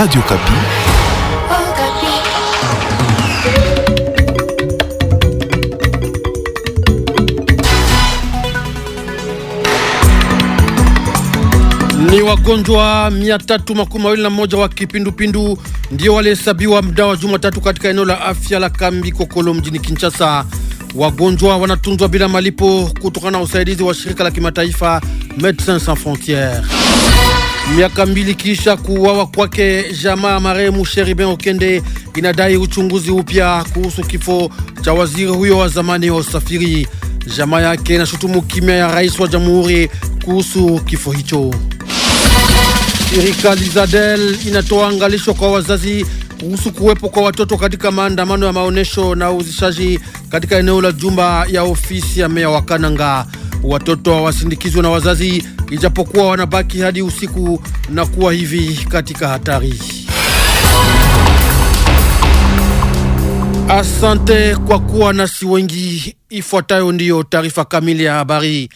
Radio Kapi. Ni wagonjwa 321 wa kipindupindu ndio walihesabiwa mda wa Jumatatu katika eneo la afya la Kambi Kokolo mjini Kinshasa. Wagonjwa wanatunzwa bila malipo kutokana na usaidizi wa shirika la kimataifa Medecins Sans Frontieres. Miaka mbili kisha kuuawa kwake, jamaa marehemu Sheriben Okende inadai uchunguzi upya kuhusu kifo cha waziri huyo wa zamani wa usafiri. Jamaa yake inashutumu kimya ya rais wa jamhuri kuhusu kifo hicho. Shirika Lizadel inatoa angalisho kwa wazazi kuhusu kuwepo kwa watoto katika maandamano ya maonyesho na uzishaji katika eneo la jumba ya ofisi ya meya wa Kananga. Watoto hawasindikizwe na wazazi, ijapokuwa wanabaki hadi usiku na kuwa hivi katika hatari. Asante kwa kuwa nasi wengi. Ifuatayo ndiyo taarifa kamili ya habari.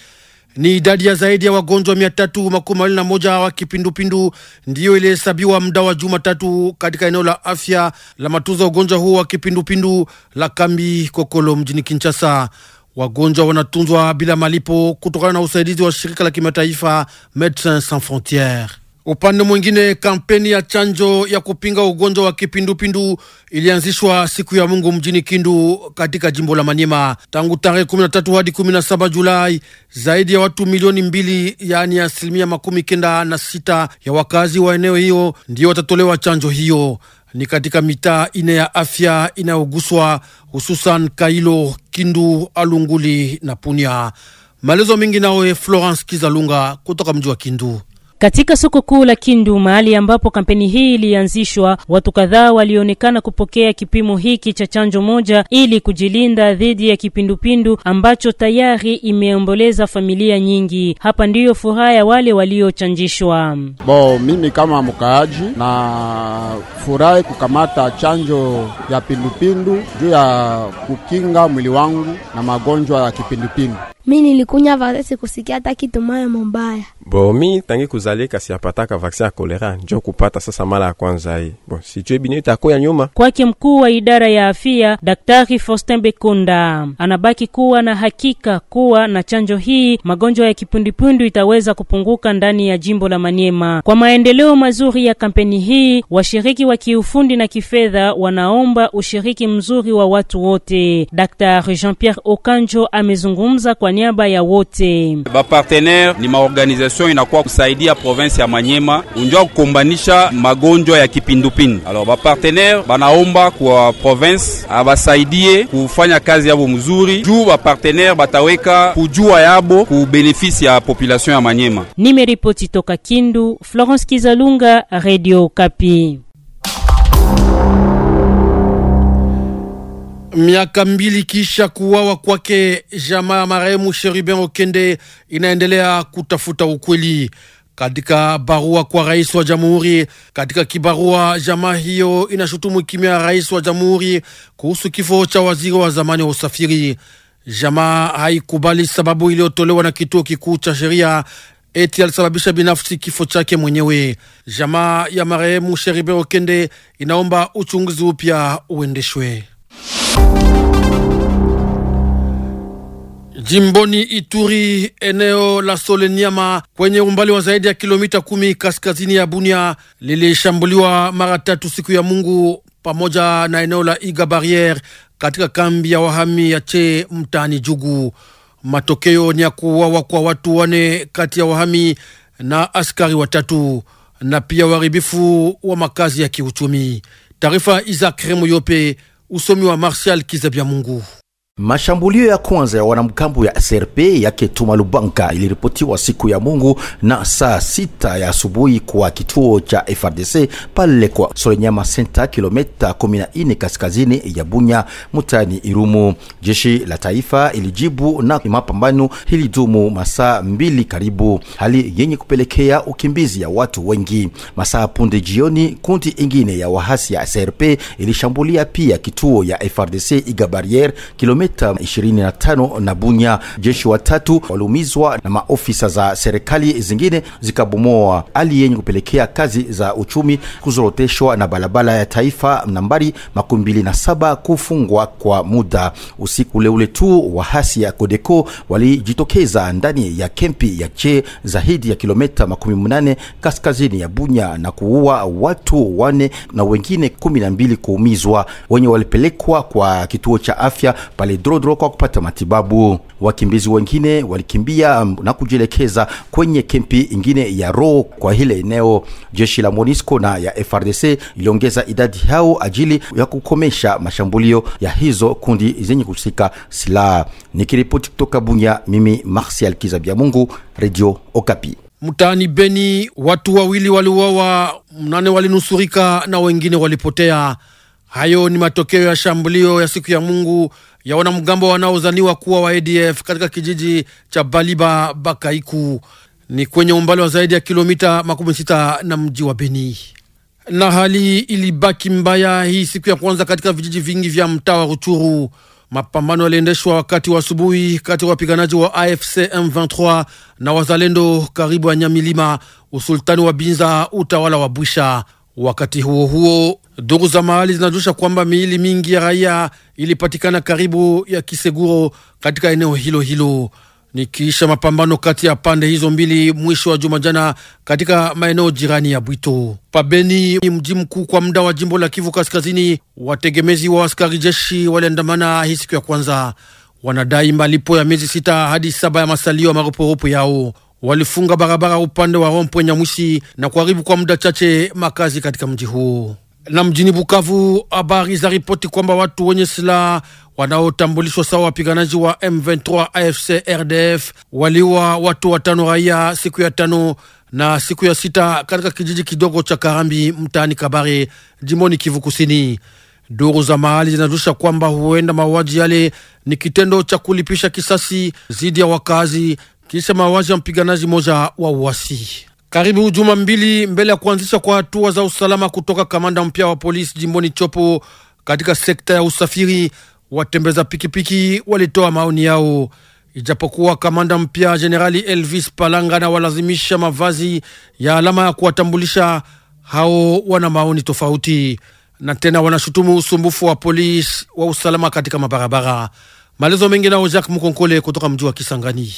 Ni idadi ya zaidi ya wagonjwa mia tatu makumi mawili na moja wa kipindupindu ndiyo ilihesabiwa muda wa Jumatatu katika eneo la afya la matunza ugonjwa huo wa kipindupindu la kambi Kokolo mjini Kinshasa. Wagonjwa wanatunzwa bila malipo kutokana na usaidizi wa shirika la kimataifa Medecins Sans Frontieres. Upande mwingine, kampeni ya chanjo ya kupinga ugonjwa wa kipindupindu ilianzishwa siku ya Mungu mjini Kindu katika jimbo la Manyema. Tangu tarehe 13 hadi 17 Julai, zaidi ya watu milioni mbili, yaani asilimia makumi kenda na sita ya wakazi wa eneo hiyo ndio watatolewa chanjo hiyo ni katika mitaa ine ya afya inayoguswa hususan Kailo, Kindu, Alunguli na Punia. Maelezo mengi nawe Florence Kizalunga kutoka mji wa Kindu. Katika soko kuu la Kindu, mahali ambapo kampeni hii ilianzishwa, watu kadhaa walionekana kupokea kipimo hiki cha chanjo moja ili kujilinda dhidi ya kipindupindu ambacho tayari imeomboleza familia nyingi. Hapa ndiyo furaha ya wale waliochanjishwa. Bo, mimi kama mkaaji na furahi kukamata chanjo ya pindupindu juu ya kukinga mwili wangu na magonjwa ya kipindupindu mi nilikunya vaksin sikusikia hata kitu moya mombaya Bo mi tangi kuzalika siapataka vaksin ya kolera njo kupata sasa mara ya kwanza hii. Bo sijue bini itakoya nyuma kwake. Mkuu wa idara ya afya Daktari Faustin Bekunda anabaki kuwa na hakika kuwa na chanjo hii magonjwa ya kipundupundu itaweza kupunguka ndani ya jimbo la Maniema. Kwa maendeleo mazuri ya kampeni hii, washiriki wa kiufundi na kifedha wanaomba ushiriki mzuri wa watu wote. Daktari Jean Pierre Okanjo amezungumza kwa niaba ya wote. Bapartenere ni maorganization inakuwa kusaidia province ya Manyema unjua kukombanisha magonjwa ya kipindupindu. Alors bapartenere banaomba kwa province abasaidie kufanya kazi yabo mzuri juu bapartenere bataweka kujua yabo ku benefisi ya population ya Manyema. Nimeripoti toka Kindu, Florence Kizalunga, Radio Kapi. Miaka mbili kisha kuwawa kwake, jamaa ya marehemu Sheriben Okende inaendelea kutafuta ukweli. Katika barua kwa rais wa jamhuri, katika kibarua, jamaa hiyo inashutumu kimya ya rais wa jamhuri kuhusu kifo cha waziri wa zamani wa usafiri. Jamaa haikubali sababu iliyotolewa na kituo kikuu cha sheria eti alisababisha binafsi kifo chake mwenyewe. Jamaa ya marehemu Sheribe Okende inaomba uchunguzi upya uendeshwe. Jimboni Ituri, eneo la Solenyama kwenye umbali wa zaidi ya kilomita kumi kaskazini ya Bunia lilishambuliwa mara tatu siku ya Mungu pamoja na eneo la Iga Barriere katika kambi ya wahami ya Che mtaani Jugu. Matokeo ni ya kuuawa kwa watu wane kati ya wahami na askari watatu na pia uharibifu wa makazi ya kiuchumi. Taarifa Isaac Remoyope Où sommes-nous à Martial qui se bien mon goût Mashambulio ya kwanza ya wanamgambo ya SRP yake Tuma Lubanka iliripotiwa siku ya Mungu na saa sita ya asubuhi kwa kituo cha FRDC pale kwa Solenyama Senta, kilomita 14 kaskazini ya Bunya, mutani Irumu. Jeshi la taifa ilijibu na mapambano ilidumu masaa mbili karibu, hali yenye kupelekea ukimbizi ya watu wengi. Masaa punde jioni, kundi ingine ya wahasi ya SRP ilishambulia pia kituo ya FRDC Igabariere kilomita kilomita 25 na Bunya. Jeshi watatu waliumizwa na maofisa za serikali zingine zikabomoa, hali yenye kupelekea kazi za uchumi kuzoroteshwa na barabara ya taifa nambari 27 saba kufungwa kwa muda. Usiku uleule tu wahasi ya Kodeko walijitokeza ndani ya kempi ya che zaidi ya kilomita 18 kaskazini ya Bunya na kuua watu wane na wengine 12 kuumizwa, wenye walipelekwa kwa kituo cha afya pale drodro kwa kupata matibabu. Wakimbizi wengine walikimbia na kujielekeza kwenye kempi ingine ya Ro kwa hile eneo. Jeshi la Monisco na ya FRDC iliongeza idadi hao ajili ya kukomesha mashambulio ya hizo kundi zenye kuhusika silaha. Nikiripoti kutoka Bunya, mimi Martial mungu Radio Okapi. Mtaani Beni watu wawili waliuawa, mnane walinusurika na wengine walipotea. Hayo ni matokeo ya shambulio ya siku ya Mungu ya wanamgambo wanaozaniwa kuwa wa ADF katika kijiji cha Baliba Bakaiku ni kwenye umbali wa zaidi ya kilomita makumi sita na mji wa Beni. Na hali ilibaki mbaya hii siku ya kwanza katika vijiji vingi vya mtaa wa Ruchuru. Mapambano yaliendeshwa wakati wa asubuhi kati ya wapiganaji wa AFC M23 na wazalendo karibu ya Nyamilima, usultani wa Binza, utawala wa Bwisha. Wakati huo huo, ndugu za mahali zinajusha kwamba miili mingi ya raia ilipatikana karibu ya Kiseguro katika eneo hilo hilo nikiisha mapambano kati ya pande hizo mbili mwisho wa juma jana katika maeneo jirani ya Bwito. Pabeni, mji mkuu kwa muda wa jimbo la Kivu Kaskazini, wategemezi wa askari jeshi waliandamana hii siku ya kwanza, wanadai malipo ya miezi sita hadi saba ya masalio ya marupurupu yao walifunga barabara upande wa Rompwe Nyamwisi na kuharibu kwa muda chache makazi katika mji huo. Na mjini Bukavu, habari za ripoti kwamba watu wenye silaha wanaotambulishwa sawa wapiganaji wa M23 AFC RDF waliwa watu watano raia siku ya tano na siku ya sita katika kijiji kidogo cha Karambi mtaani Kabare jimoni Kivu Kusini. Duru za mahali zinazusha kwamba huenda mauaji yale ni kitendo cha kulipisha kisasi dhidi ya wakazi kisha mauaji ya mpiganaji moja wa uasi karibu juma mbili mbele ya kuanzishwa kwa hatua za usalama kutoka kamanda mpya wa polisi jimboni Chopo katika sekta ya usafiri, watembeza pikipiki walitoa maoni yao. Ijapokuwa kamanda mpya Jenerali Elvis Palanga na walazimisha mavazi ya alama ya kuwatambulisha, hao wana maoni tofauti na tena wanashutumu usumbufu wa polisi wa usalama katika mabarabara. Maelezo mengi nao Jacques mkonkole kutoka mji wa Kisangani.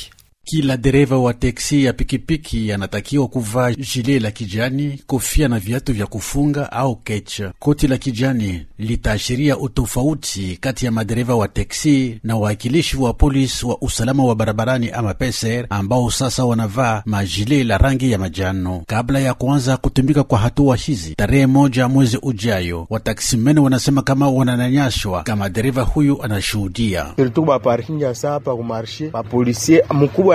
Kila dereva wa teksi ya pikipiki anatakiwa kuvaa jile la kijani, kofia na viatu vya kufunga au kech. Koti la kijani litaashiria utofauti kati ya madereva wa teksi na wawakilishi wa polisi wa usalama wa barabarani ama peser, ambao sasa wanavaa majile la rangi ya majano. Kabla ya kuanza kutumika kwa hatua hizi tarehe moja mwezi ujayo, wataksimeni wanasema kama wananyanyashwa kama dereva huyu anashuhudia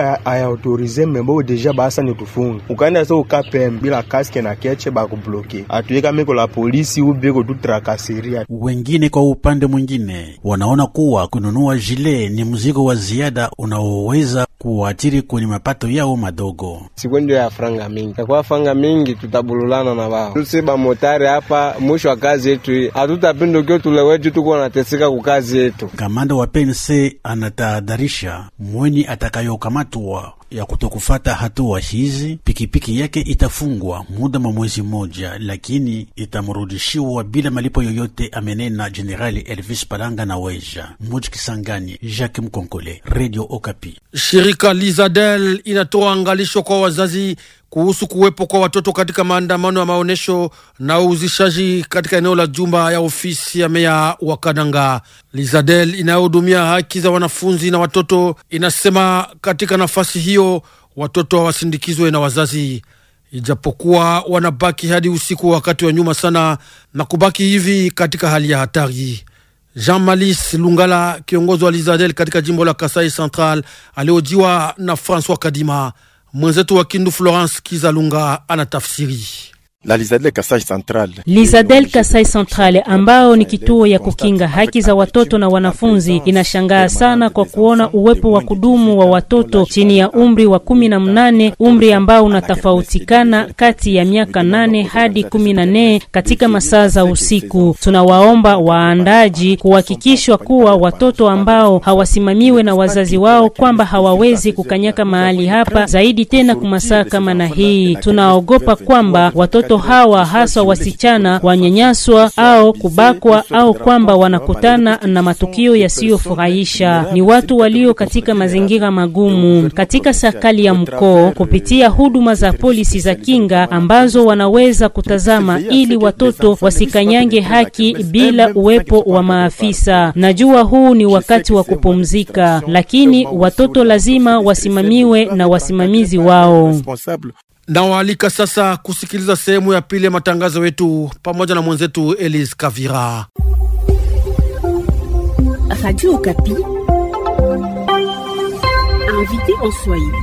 hayaautorize membo deja basa ni nitufunga ukaenda so ukapem bila kaske na keche bakubloke atuweka miko la polisi ubeko tutrakasiria. Wengine kwa upande mwingine wanaona kuwa kununua jile ni mzigo wa ziada unaoweza kuwajiri kwenye mapato yao madogo. Sikwendo ya franga mingi takuwa franga mingi, tutabululana na wao tusi bamotari hapa. Mwisho wa kazi yetu hii hatutapindukio tulewetu, tuko nateseka ku kazi yetu. Kamanda wa pnc anatahadharisha mweni atakayokamatwa ya kutokufata hatua hizi, pikipiki yake itafungwa muda wa mwezi mmoja, lakini itamrudishiwa bila malipo yoyote, amenena Jenerali Elvis Palanga na Weja Muji Kisangani. Jacques Mkonkole, Radio Okapi. Shirika Lizadel inatoa angalisho kwa wazazi kuhusu kuwepo kwa watoto katika maandamano ya maonyesho na uhuzishaji katika eneo la jumba ya ofisi ya meya wa Kananga. Lizadel inayohudumia haki za wanafunzi na watoto inasema katika nafasi hiyo watoto hawasindikizwe na wazazi, ijapokuwa wanabaki hadi usiku wakati wa nyuma sana na kubaki hivi katika hali ya hatari. Jean Malis Lungala, kiongozi wa Lizadel katika jimbo la Kasai Central, aliojiwa na Francois Kadima. Mwenzetu wa Kindu Florence Kizalunga anatafsiri la Lizadel Kasai Central. Kasai Central ambao ni kituo ya kukinga haki za watoto na wanafunzi inashangaa sana kwa kuona uwepo wa kudumu wa watoto chini ya umri wa kumi na mnane, umri ambao unatofautikana kati ya miaka nane hadi kumi na nne katika masaa za usiku. Tunawaomba waandaji kuhakikishwa kuwa watoto ambao hawasimamiwe na wazazi wao kwamba hawawezi kukanyaka mahali hapa zaidi tena kumasaa kama na hii. Tunaogopa kwamba watoto watoto hawa hasa wasichana wanyanyaswa au kubakwa au kwamba wanakutana na matukio yasiyofurahisha. Ni watu walio katika mazingira magumu. Katika serikali ya mkoo kupitia huduma za polisi za kinga ambazo wanaweza kutazama ili watoto wasikanyange haki bila uwepo wa maafisa. Najua huu ni wakati wa kupumzika, lakini watoto lazima wasimamiwe na wasimamizi wao. Nawaalika sasa kusikiliza sehemu ya pili ya matangazo yetu pamoja na mwenzetu Elise Kavira. Radio invité en Swahili.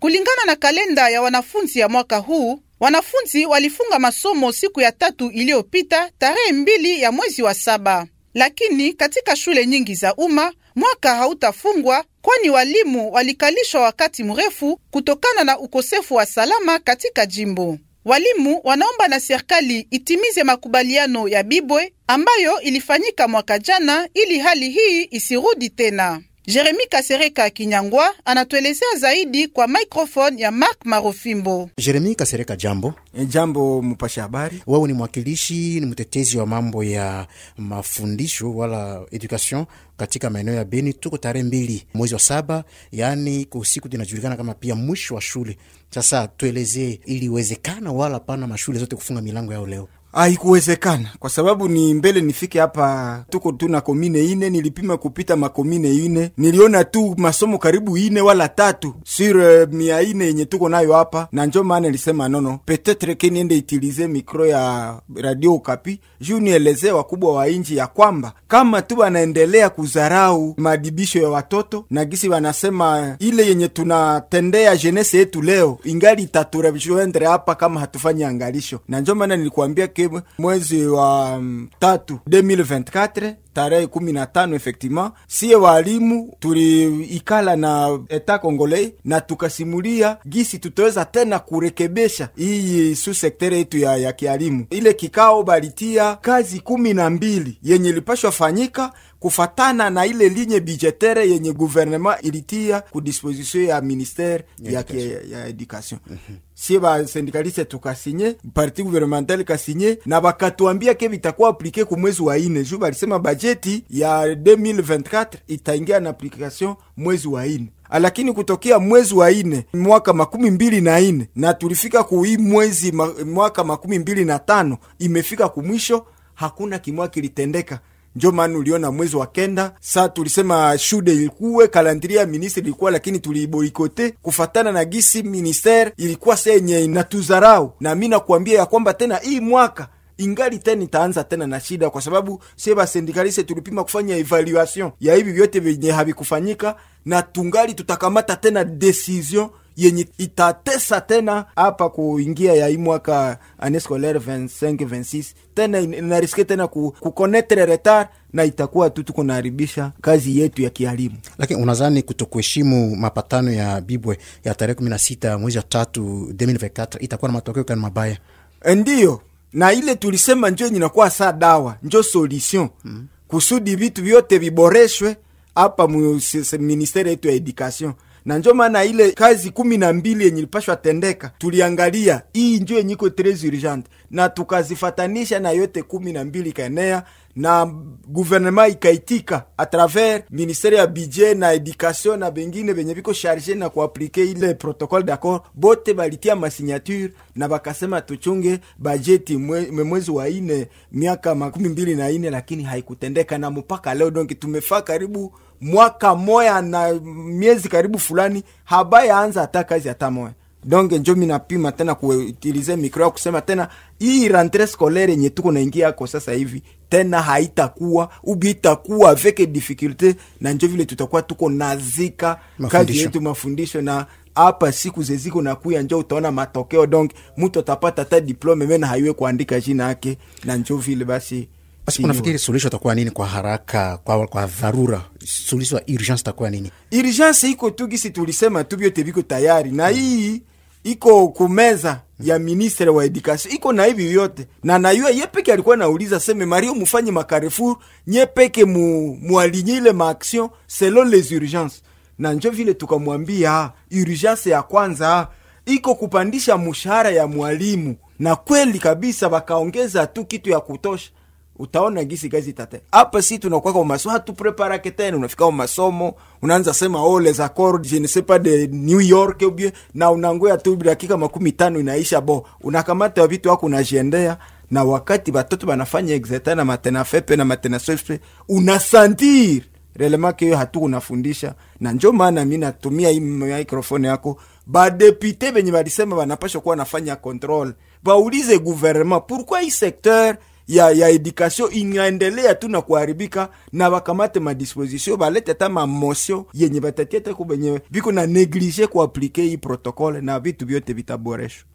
Kulingana na kalenda ya wanafunzi ya mwaka huu, wanafunzi walifunga masomo siku ya tatu iliyopita tarehe mbili ya mwezi wa saba, lakini katika shule nyingi za umma mwaka hautafungwa, kwani walimu walikalishwa wakati mrefu kutokana na ukosefu wa salama katika jimbo. Walimu wanaomba na serikali itimize makubaliano ya Bibwe ambayo ilifanyika mwaka jana ili hali hii isirudi tena. Jeremi Kasereka Kinyangwa anatuelezea zaidi kwa microphone ya Mark Marofimbo. Jeremi Kasereka, jambo. Eh, jambo mpasha habari. Wewe ni mwakilishi, ni mtetezi wa mambo ya mafundisho wala education katika maeneo ya Beni. Tuko tarehe mbili mwezi wa saba, yaani kusiku tunajulikana kama pia mwisho wa shule. Sasa tuelezee, iliwezekana wala pana mashule zote kufunga milango yao leo? Haikuwezekana kwa sababu ni mbele nifike hapa, tuko tu na komine ine, nilipima kupita makomine ine, niliona tu masomo karibu ine wala tatu sur uh, mia ine yenye tuko nayo hapa, na njo maana lisema nono, petetre ke niende itilize mikro ya radio ukapi juu nieleze wakubwa wa inji ya kwamba kama tu wanaendelea kuzarau madibisho ya watoto na gisi wanasema ile yenye tunatendea jenese yetu leo ingali itaturejoindre hapa kama hatufanyi angalisho, na njo maana nilikuambia ke yake mwezi wa mm, tatu 2024 tarehe kumi na tano efektima siye walimu tuliikala na eta Kongolei na tukasimulia gisi tutaweza tena kurekebesha iyi su sektere yetu ya, ya kialimu. Ile kikao balitia kazi kumi na mbili yenye lipashwa fanyika kufatana na ile linye bijetere yenye guvernema ilitia ku disposition ya ministere ya, ya, ya education mhm sie basendikaliste tukasinye parti gouvernementale kasinye na bakatuambia ke bitakuwa aplike ku mwezi wa ine juu balisema bajeti ya 2024 itaingia na application mwezi wa ine ah, lakini kutokea mwezi wa ine mwaka makumi mbili na ine na tulifika kuii mwezi mwaka makumi mbili na tano imefika kumwisho hakuna kimwa kilitendeka njo maana uliona mwezi wa kenda saa tulisema shude ilikuwe kalandria ya ministri ilikuwa, lakini tuliiboikote kufatana na gisi minister ilikuwa senye natuzarau. Na mi nakuambia ya kwamba tena hii mwaka ingali tena itaanza tena na shida, kwa sababu sie basendikaliste tulipima kufanya evaluation ya hivi vyote vyenye havikufanyika, na tungali tutakamata tena decision yenye itatesa tena hapa kuingia ya hii mwaka annee scolaire 25 26 tena inariske tena kukonetre retard na itakuwa tu tuko naharibisha kazi yetu ya kialimu. Lakini unazani kutokuheshimu mapatano ya Bibwe ya tarehe 16 mwezi wa tatu 2024 itakuwa na matokeo kana mabaya? Eh, ndiyo, na ile tulisema njo inakuwa saa dawa njo solution mm, kusudi vitu vyote viboreshwe hapa mu ministere yetu ya education na njo maana ile kazi kumi na mbili yenye ilipashwa tendeka tuliangalia hii njo yenye iko tres urgente na tukazifatanisha na yote kumi na mbili ikaenea na guvernema ikaitika a travers ministere ya budget na education na bengine benye biko charge na kuaplike ile protocole d'accord, bote balitia masignature na bakasema tuchunge bajeti mwe, mwezi wa ine miaka makumi mbili na ine, lakini haikutendeka na mpaka leo. donki tumefaa karibu mwaka moya na miezi karibu fulani habaya anza hata kazi hata moya donge njo minapima tena kuutilize mikro ya kusema tena hii rentre scolaire yenye tuko naingia yako sasa hivi tena haitakuwa ubi itakuwa avec difficulte, na njo vile tutakuwa tuko nazika kazi yetu mafundisho na hapa siku zeziko na kuya njo utaona matokeo. Donc mtu atapata hata diplome mena haiwe kuandika jina yake, na njo vile basi basi unafikiri suluhisho itakuwa nini kwa haraka, kwa, kwa dharura? Suluhisho ya urgence itakuwa nini? Urgence iko tu gisi tulisema tu, vyote viko tayari na hmm. hii iko kumeza ya hmm. ministre wa education iko na hivi vyote na nayua ye peke alikuwa nauliza seme Mario mufanye makarefur nye peke mu, mualinyile maaction selon les urgences, na njo vile tukamwambia urgence ya kwanza iko kupandisha mushahara ya mwalimu, na kweli kabisa wakaongeza tu kitu ya kutosha utaona gisi kazi tate hapa. Si tunakuwa kwa masomo hatupreparake tena, unafika kwa masomo unaanza sema oh les accords je ne sais pas de New York ou bien na unangoya tu dakika makumi tano inaisha, bo unakamata vitu wako unajiendea na wakati batoto banafanya exeta na matena fepe na matena sofe, unasantir relema keyo hatu unafundisha, na njo maana mimi natumia hii microphone yako. ba Badepute benye balisema banapasha kuwa nafanya control, baulize gouvernement pourquoi ce secteur ya, ya edukasio inaendelea tu na kuharibika, na wakamate madisposition balete ta mamosio yenye batatia ta kubenyewe biko na neglige kuaplike hii protokole na vitu vyote vitaboreshwa.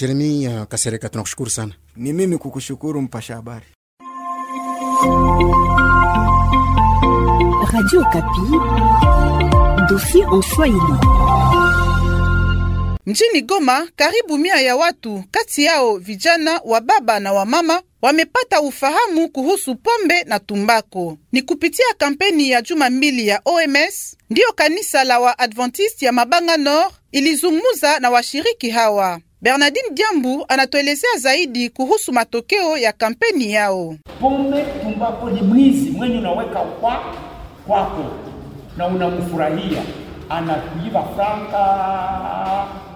Jeremia euh, Kasereka, tunakushukuru sana. Ni mimi kukushukuru mpasha habari Radio Kapi, dossier en Swahili njini Goma, karibu mia ya watu, kati yao vijana wa baba na wamama wamepata ufahamu kuhusu pombe na tumbako. Ni kupitia kampeni ya juma mbili ya OMS ndiyo kanisa la Waadventist ya Mabanga Nord ilizungumza na washiriki hawa. Bernardine Diambu anatuelezea zaidi kuhusu matokeo ya kampeni yao. Pombe tumbako ni mwizi mwenye unaweka kwa kwako na unamfurahia, anakuiba franka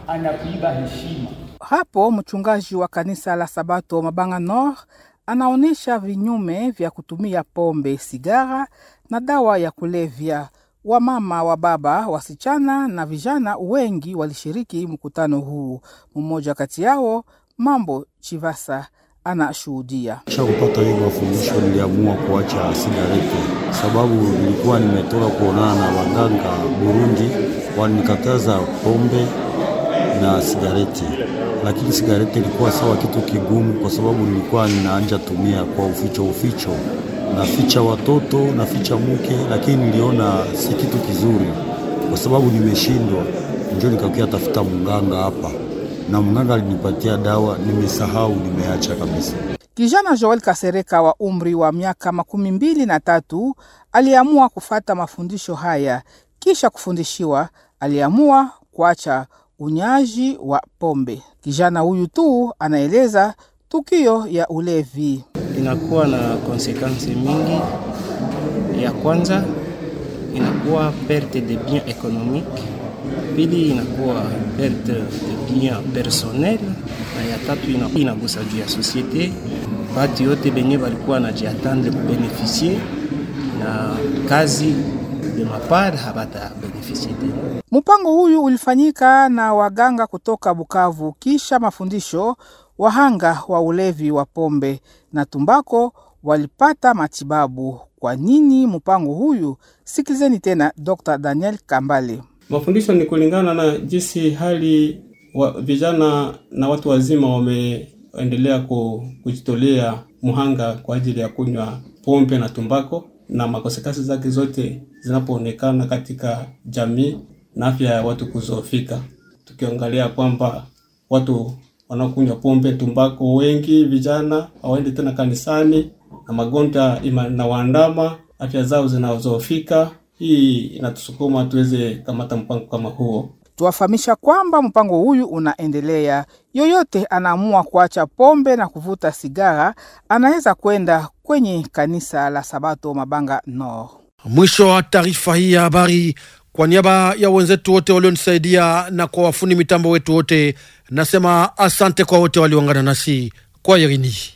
anakuiba heshima. Hapo mchungaji wa kanisa la Sabato Mabanga Nord anaonyesha vinyume vya kutumia pombe, sigara na dawa ya kulevya. Wamama wa baba, wasichana na vijana wengi walishiriki mkutano huu. Mmoja kati yao Mambo Chivasa anashuhudia. Kisha kupata hiyo mafundisho, niliamua kuacha sigareti sababu nilikuwa nimetoka kuonana na waganga Burundi, wanikataza pombe na sigareti, lakini sigareti ilikuwa sawa kitu kigumu, kwa sababu nilikuwa ninaanja tumia kwa uficho uficho, naficha watoto naficha mke, lakini niliona si kitu kizuri, kwa sababu nimeshindwa, Njoo nikakia tafuta munganga hapa, na munganga alinipatia dawa, nimesahau, nimeacha kabisa. Kijana Joel Kasereka wa umri wa miaka makumi mbili na tatu aliamua kufata mafundisho haya. Kisha kufundishiwa, aliamua kuacha unywaji wa pombe. Kijana huyu tu anaeleza tukio ya ulevi inakuwa na konsekansi mingi. Ya kwanza inakuwa perte de bien economique, pili inakuwa perte de bien personnel, na ya tatu inagusa juu ya societe. Batu yote benye balikuwa jiatendre kubenefisie na kazi habata Mpango huyu ulifanyika na waganga kutoka Bukavu kisha mafundisho. Wahanga wa ulevi wa pombe na tumbako walipata matibabu. Kwa nini mpango huyu? Sikilizeni tena Dr. Daniel Kambale. Mafundisho ni kulingana na jinsi hali wa vijana na watu wazima wameendelea kujitolea muhanga kwa ajili ya kunywa pombe na tumbako na makosekasi zake zote zinapoonekana katika jamii na afya ya watu kuzofika, tukiangalia kwamba watu wanaokunywa pombe, tumbako, wengi vijana hawaendi tena kanisani na magonjwa na waandama, afya zao zinazofika. Hii inatusukuma tuweze kamata mpango kama huo. Tuwafahamisha kwamba mpango huyu unaendelea. Yoyote anaamua kuacha pombe na kuvuta sigara anaweza kwenda kwenye kanisa la Sabato Mabanga Nord. Mwisho wa taarifa hii ya habari. Kwa niaba ya wenzetu wote walionisaidia na kwa wafundi mitambo wetu wote, nasema asante kwa wote walioungana nasi kwa Irini.